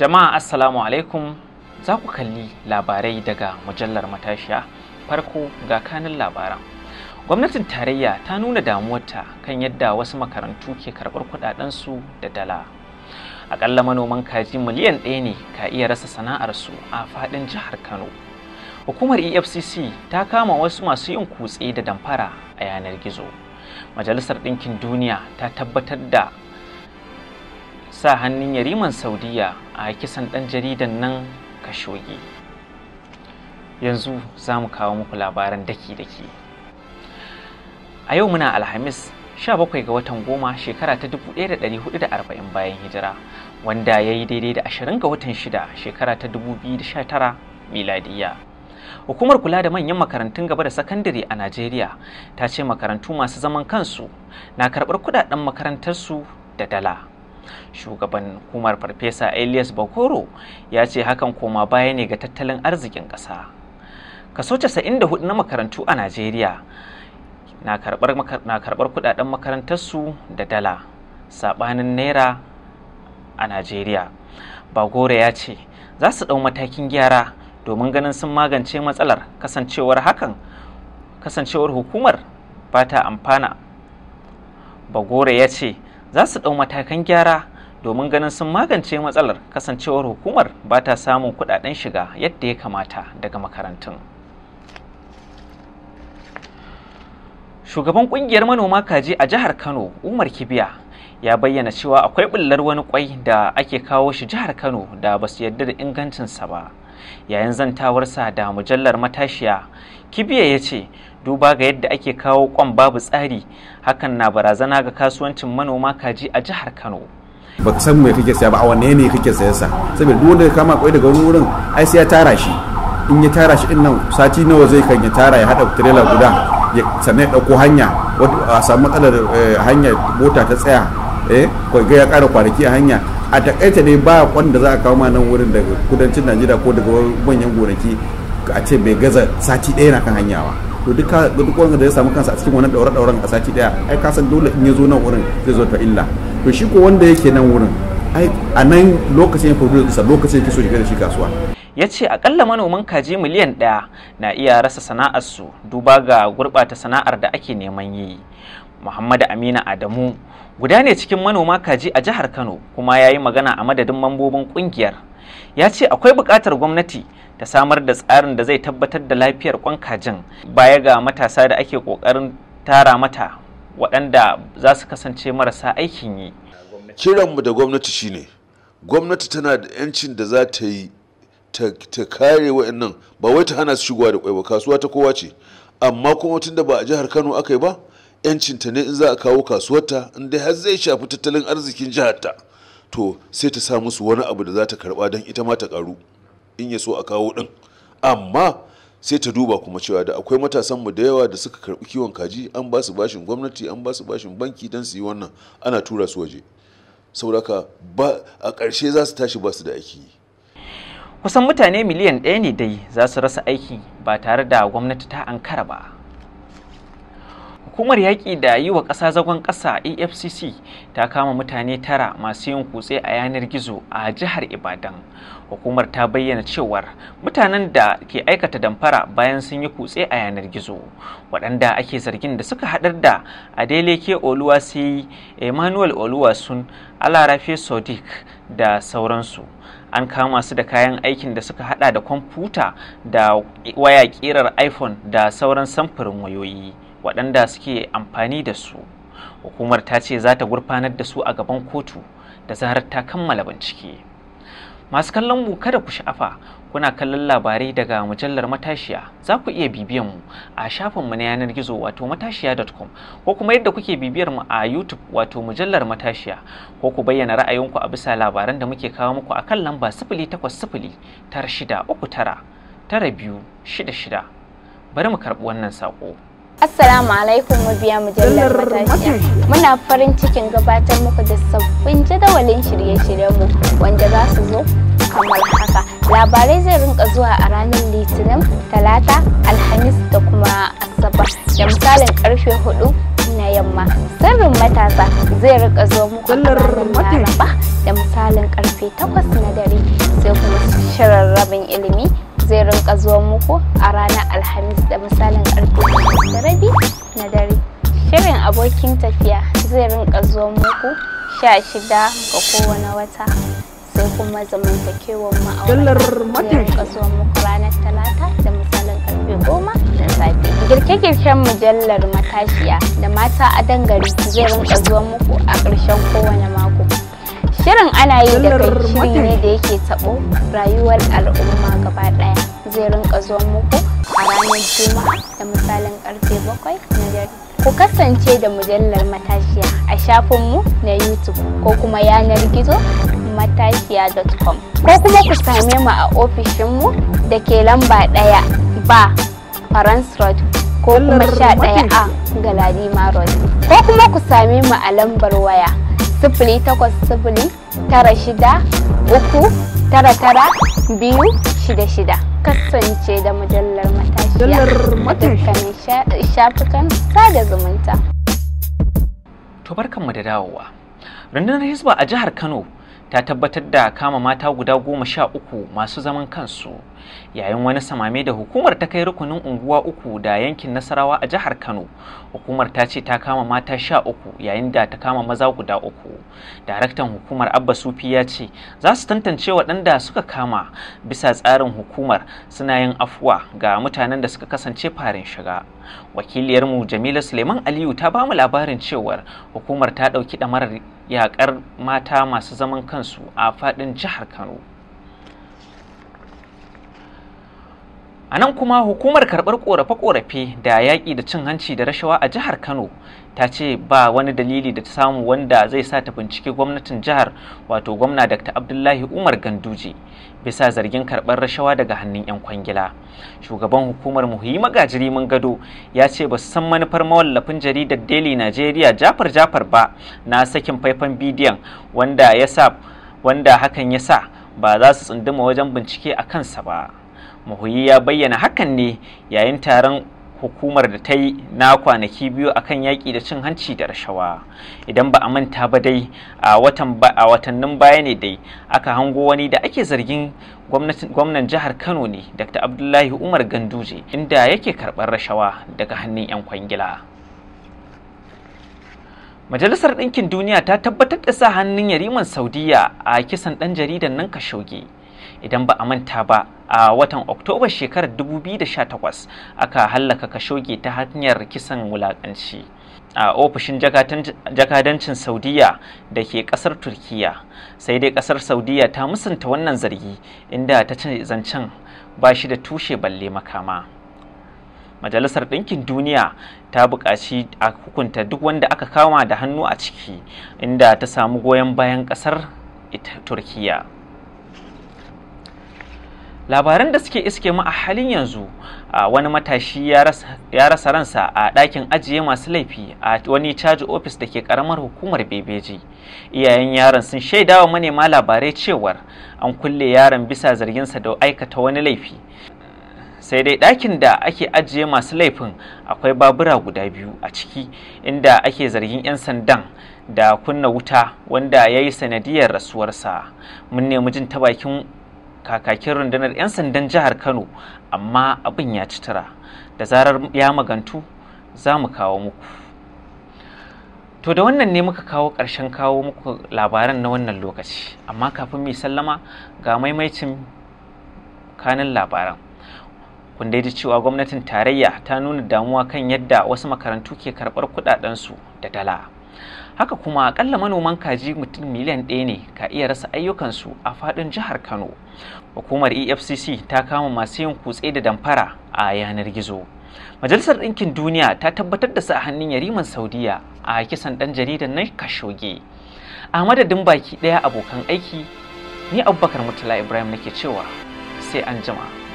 Jama'a Assalamu alaikum za ku kalli labarai daga mujallar matashiya farko ga kanin labaran. Gwamnatin tarayya ta nuna damuwarta kan yadda wasu makarantu ke karɓar su da dala. Aƙalla manoman kaji miliyan ɗaya ne ka iya rasa sana'ar su a faɗin jihar Kano. Hukumar EFCC ta kama wasu masu yin kutse da damfara a yanar gizo. Majalisar Ɗinkin Duniya ta tabbatar da sa hannun yariman saudiya a kisan ɗan jaridan nan Kashoge. yanzu za mu kawo muku labaran daki-daki a yau muna alhamis 17 ga watan goma shekara ta 1440 bayan hijira wanda ya yi daidai da 20 ga watan 6 shekara ta 2019 miladiya hukumar kula da manyan makarantun gaba da sakandare a najeriya ta ce makarantu masu zaman kansu na karɓar kudaden makarantarsu da dala shugaban hukumar farfesa elias bakoro ya ce hakan koma baya ne ga tattalin arzikin ƙasa kaso 94 na makarantu a najeriya na karɓar kudaden makarantarsu da dala saɓanin naira a najeriya bagore ya ce za su ɗau matakin gyara domin ganin sun magance matsalar kasancewar hakan kasancewar hukumar ba ta amfana bagore ya ce za su ɗau matakan gyara domin ganin sun magance matsalar kasancewar hukumar ba ta samun kudaden shiga yadda ya kamata daga makarantun shugaban ƙungiyar manoma kaji a jihar kano umar kibiya ya bayyana cewa akwai bullar wani kwai da ake kawo shi jihar kano da ba su yarda da ingancinsa ba yayin zantawarsa da mujallar matashiya kibiya ya ce duba ga yadda ake kawo kwan babu tsari hakan na barazana ga kasuwancin manoma kaji a jihar kano ba san me kake saya ba a wanne ne kake saya sa saboda duk wanda kama kwai daga wurin ai sai ya tara shi in ya tara shi din nan sati nawa zai kan ya tara ya hada trailer guda ya sanai dauko hanya a samu matsalar eh, hanya mota ta tsaya eh ga ya kara kwanaki a hanya a takaita dai ba kwan da za a kawo ma nan wurin daga kudancin najeriya ko daga manyan gonaki a ce bai gaza sati ɗaya na kan hanya ba to duka duk wanda ya samu kansa a cikin wannan daura-dauran a sati daya ai ka san dole in ya zo nan wurin zai zo ta illa to shi ko wanda yake nan wurin ai a nan lokacin producer lokacin yake so shiga da shi kasuwa ya ce akalla manoman kaji miliyan ɗaya na iya rasa sana'ar su duba ga gurɓata sana'ar da ake neman yi muhammadu amina adamu guda ne cikin manoma kaji a jihar kano kuma ya yi magana a madadin mambobin ƙungiyar ya ce akwai buƙatar gwamnati ta samar da tsarin da zai tabbatar da lafiyar kwan kajin baya ga matasa da ake ƙoƙarin tara mata waɗanda za su kasance marasa aikin yi. kiranmu da gwamnati shine gwamnati tana da 'yancin da za ta yi ta kare wa'annan ba wai ta hana su shigowa da kwai kasuwa ta kowa ce amma kuma tun da ba a jihar kano aka yi ba 'yancinta ne in za a kawo kasuwarta inda har zai shafi tattalin arzikin jihar ta to sai ta sa musu wani abu da za ta karba don ita ma ta karu in ya so a kawo din amma sai ta duba kuma cewa da akwai matasan mu da yawa da suka karbi kiwon kaji an ba su bashin gwamnati an ba su bashin banki don su yi wannan ana tura su waje sauraka a ƙarshe za su tashi ba su da aiki kusan mutane miliyan ɗaya ne dai za su rasa aiki ba tare da gwamnati ta ankara ba Hukumar yaƙi da yi wa ƙasa zagon ƙasa AFCC ta kama mutane tara masu yin kutse a yanar gizo a jihar Ibadan. Hukumar ta bayyana cewar mutanen da ke aikata damfara bayan sun yi kutse a yanar gizo, waɗanda ake zargin da suka haɗar da Adeleke Oluwa sai Emmanuel sun Alarafe Sodiq da sauransu. an kama su da kayan aikin da suka hada da kwamfuta da waya kirar iphone da sauran samfurin wayoyi waɗanda suke amfani da su hukumar ta ce za ta gurfanar da su a gaban kotu da zarar ta kammala bincike masu kallon mu kada ku sha'afa kuna kallon labarai daga mujallar matashiya za ku iya bibiyan mu a shafin mu na yanar gizo wato matashiya.com ko kuma yadda kuke bibiyar mu a YouTube wato mujallar matashiya ko ku bayyana ra'ayinku a bisa labaran da muke kawo muku a kan lamba sifili tara shida uku tara tara biyu shida shida bari mu karɓi wannan saƙo. Assalamu alaikum mabiya mujallar matashiya. Muna farin cikin gabatar muku da sabbin jadawalin shirye-shiryenmu wanda za su zo kamar haka. Labarai zai rinka zuwa a ranar Litinin, Talata, Alhamis da kuma Asabar da misalin karfe hudu na yamma. Sirrin matasa zai rinka zo muku a ranar Laraba da misalin karfe takwas na dare sai kuma shirin ilimi zai rinka zuwa muku a ranar alhamis da misalin karfe da rabi na dare shirin abokin tafiya zai rinka zuwa muku sha shida ga kowane wata sai kuma zamantakewar ma'aurar zai rinka zuwa muku ranar talata da misalin karfe goma da safe girke-girken mujallar matashiya da mata a dangare zai rinka zuwa muku a ƙarshen kowane mako Shirin ana yi da kai ne da yake taɓo rayuwar al'umma gaba daya zai rinka zuwa muku a ranar Juma'a da misalin karfe bakwai na dare. Ku kasance da mujallar matashiya a shafinmu na YouTube ko kuma yanar gizo matashiya.com ko kuma ku same mu a ofishinmu da ke lamba daya ba Farans Road ko kuma sha ɗaya a Galadima Road ko kuma ku same mu a lambar waya sifili takwas sifili tara shida uku tara tara biyu shida shida kasance da mujallar matashiya a dukkanin shafukan sada zumunta. To barkanmu da dawowa. Rundunar Hisba a jihar Kano ta tabbatar da kama mata guda goma sha uku masu zaman kansu yayin wani samame da hukumar ta kai rukunin unguwa uku da yankin nasarawa a jihar kano hukumar ta ce ta kama mata sha uku yayin da ta kama maza guda uku daraktan hukumar abba sufi ya ce za su tantance waɗanda suka kama bisa tsarin hukumar suna yin afuwa ga mutanen da suka kasance farin shiga wakiliyarmu jamila suleiman aliyu ta bamu labarin cewar hukumar ta ɗauki ɗamarar yakar mata masu zaman kansu a faɗin jihar kano A nan kuma hukumar karɓar ƙorafe-ƙorafe da yaƙi da cin hanci da rashawa a jihar Kano ta ce ba wani dalili da ta samu wanda zai sa ta bincike gwamnatin jihar wato gwamna Dr. Abdullahi Umar Ganduje bisa zargin karɓar rashawa daga hannun 'yan kwangila. Shugaban hukumar muhimmi magajiri mun gado ya ce ba san manufar mawallafin jaridar Daily Nigeria Jafar Jafar ba na sakin faifan bidiyon wanda ya wanda hakan ya sa ba za su tsunduma wajen bincike a kansa ba. mahoyi ya bayyana hakan ne yayin taron hukumar da ta yi na kwanaki biyu akan yaƙi da cin hanci da rashawa idan ba a manta ba dai a watannin baya ne dai aka hango wani da ake zargin gwamnan jihar kano ne dr abdullahi umar ganduje inda yake karɓar rashawa daga hannun 'yan kwangila majalisar ɗinkin duniya ta tabbatar da sa hannun yariman saudiya a kisan ɗan jaridan nan kashoge idan ba a manta ba a watan oktoba shekarar 2018 aka hallaka kashoge ta hanyar kisan wulakanci a ofishin jakadancin saudiya da ke kasar turkiya sai dai kasar saudiya ta musanta wannan zargi inda ta ce zancen ba shi da tushe balle makama majalisar ɗinkin duniya ta buƙaci a hukunta duk wanda aka kama da hannu a ciki inda ta samu goyon bayan ƙasar turkiya labaran da suke iske mu a halin yanzu wani matashi ya rasa ransa a ɗakin ajiye masu laifi a wani caji ofis da ke karamar hukumar bebeji iyayen yaron sun shaidawa manema labarai cewar an kulle yaron bisa zarginsa da aikata wani laifi sai dai ɗakin da ake ajiye masu laifin akwai babura guda biyu a ciki inda ake zargin 'yan sandan da kunna wuta wanda ya yi sanadiyar rasuwarsa mun nemi jin ta bakin kakakin rundunar 'yan sandan jihar kano amma abin ya ci tara da zarar ya magantu za mu kawo muku to da wannan ne muka kawo ƙarshen kawo muku labaran na wannan lokaci amma kafin mai sallama ga maimaicin kanin labaran kun da cewa gwamnatin tarayya ta nuna damuwa kan yadda wasu makarantu ke karɓar su da dala haka kuma akalla manoman kaji mutum miliyan ɗaya ne ka iya rasa ayyukansu a faɗin jihar kano hukumar efcc ta kama masu yin kutse da damfara a yanar gizo majalisar ɗinkin duniya ta tabbatar da su a hannun yariman saudiya a kisan ɗan jaridar na kashoge a madadin baki ɗaya abokan aiki ni abubakar murtala ibrahim nake cewa sai an jima.